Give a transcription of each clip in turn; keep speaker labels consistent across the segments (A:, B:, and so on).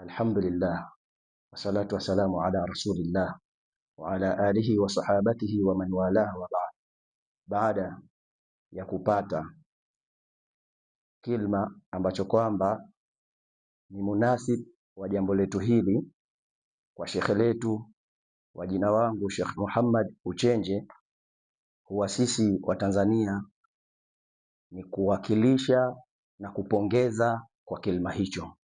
A: Alhamdulillah wassalatu wassalamu ala rasulillah wa ala alihi wa sahabatihi wa man walah wa ba'd. Baada ya kupata kilma ambacho kwamba ni munasib wa jambo letu hili kwa shekhe letu wa jina wangu Sheikh Muhammad Uchenje, huwa sisi wa Tanzania ni kuwakilisha na kupongeza kwa kilma hicho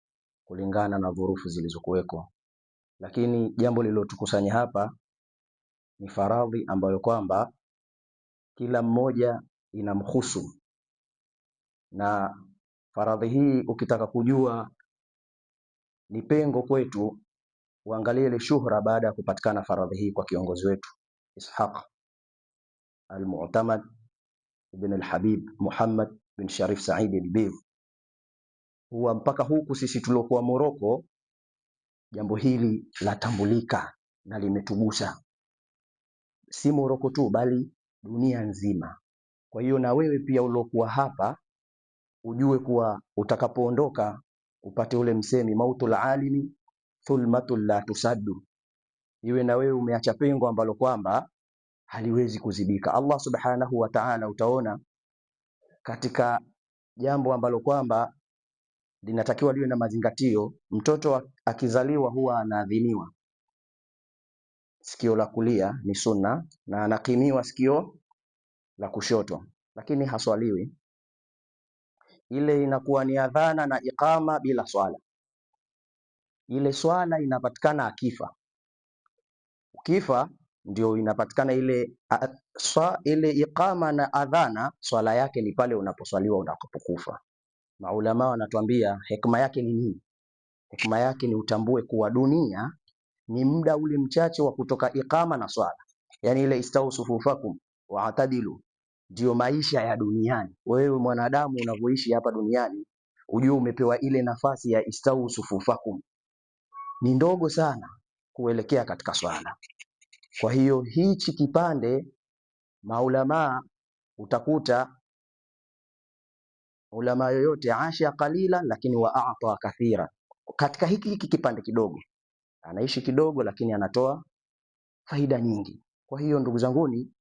A: kulingana na dhurufu zilizokuweko. Lakini jambo lililotukusanya hapa ni faradhi ambayo kwamba kila mmoja inamhusu, na faradhi hii ukitaka kujua ni pengo kwetu, uangalie ile shuhra baada ya kupatikana faradhi hii kwa kiongozi wetu Ishaq Al-Mu'tamad ibn Al-Habib Muhammad bin Sharif Said al huwa mpaka huku sisi tuliokuwa Moroko, jambo hili latambulika na limetugusa si Moroko tu bali dunia nzima. Kwa hiyo na wewe pia uliokuwa hapa ujue kuwa utakapoondoka upate ule msemi mautul alimi thulmatul la tusaddu, iwe na wewe umeacha pengo ambalo kwamba haliwezi kuzibika. Allah subhanahu wa ta'ala, utaona katika jambo ambalo kwamba linatakiwa liwe na mazingatio. Mtoto akizaliwa huwa anaadhiniwa sikio la kulia ni sunna na anakimiwa sikio la kushoto, lakini haswaliwi. Ile inakuwa ni adhana na ikama bila swala. Ile swala inapatikana akifa, ukifa ndio inapatikana ile a, swa, ile ikama na adhana. Swala yake ni pale unaposwaliwa unapokufa. Maulama wanatuambia hekima yake ni nini? Hekima yake ni utambue kuwa dunia ni muda ule mchache wa kutoka ikama na swala, yani ile istau sufufakum waatadilu, ndiyo maisha ya duniani. Wewe mwanadamu unavyoishi hapa duniani, ujue umepewa ile nafasi ya istausufu fakum, ni ndogo sana kuelekea katika swala. Kwa hiyo hichi kipande maulamaa utakuta ulama yoyote asha qalila lakini wa aata kathira, katika hiki hiki kipande kidogo anaishi kidogo, lakini anatoa faida nyingi. Kwa hiyo ndugu zanguni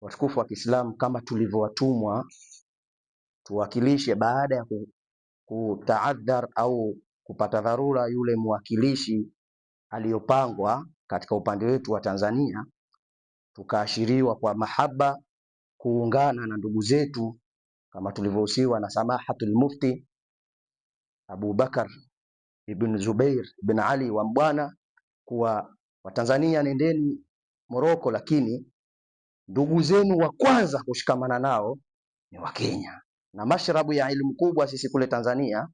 A: watukufu wa Kiislamu, kama tulivyowatumwa tuwakilishe, baada ya kutaadhar au kupata dharura yule mwakilishi aliyopangwa katika upande wetu wa Tanzania, tukaashiriwa kwa mahaba kuungana na ndugu zetu kama tulivyohusiwa na samahatul mufti Abu Bakar ibn Zubair ibn Ali wa Mbwana kuwa Watanzania, nendeni Moroko, lakini ndugu zenu wa kwanza kushikamana nao ni Wakenya, na mashrabu ya elimu kubwa sisi kule Tanzania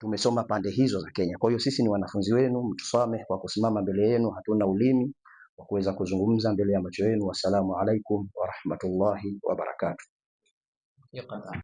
A: tumesoma pande hizo za Kenya. Kwa hiyo sisi ni wanafunzi wenu, mtusame kwa kusimama mbele yenu, hatuna ulimi wa kuweza kuzungumza mbele ya macho yenu. Wassalamu alaikum warahmatullahi wabarakatuh.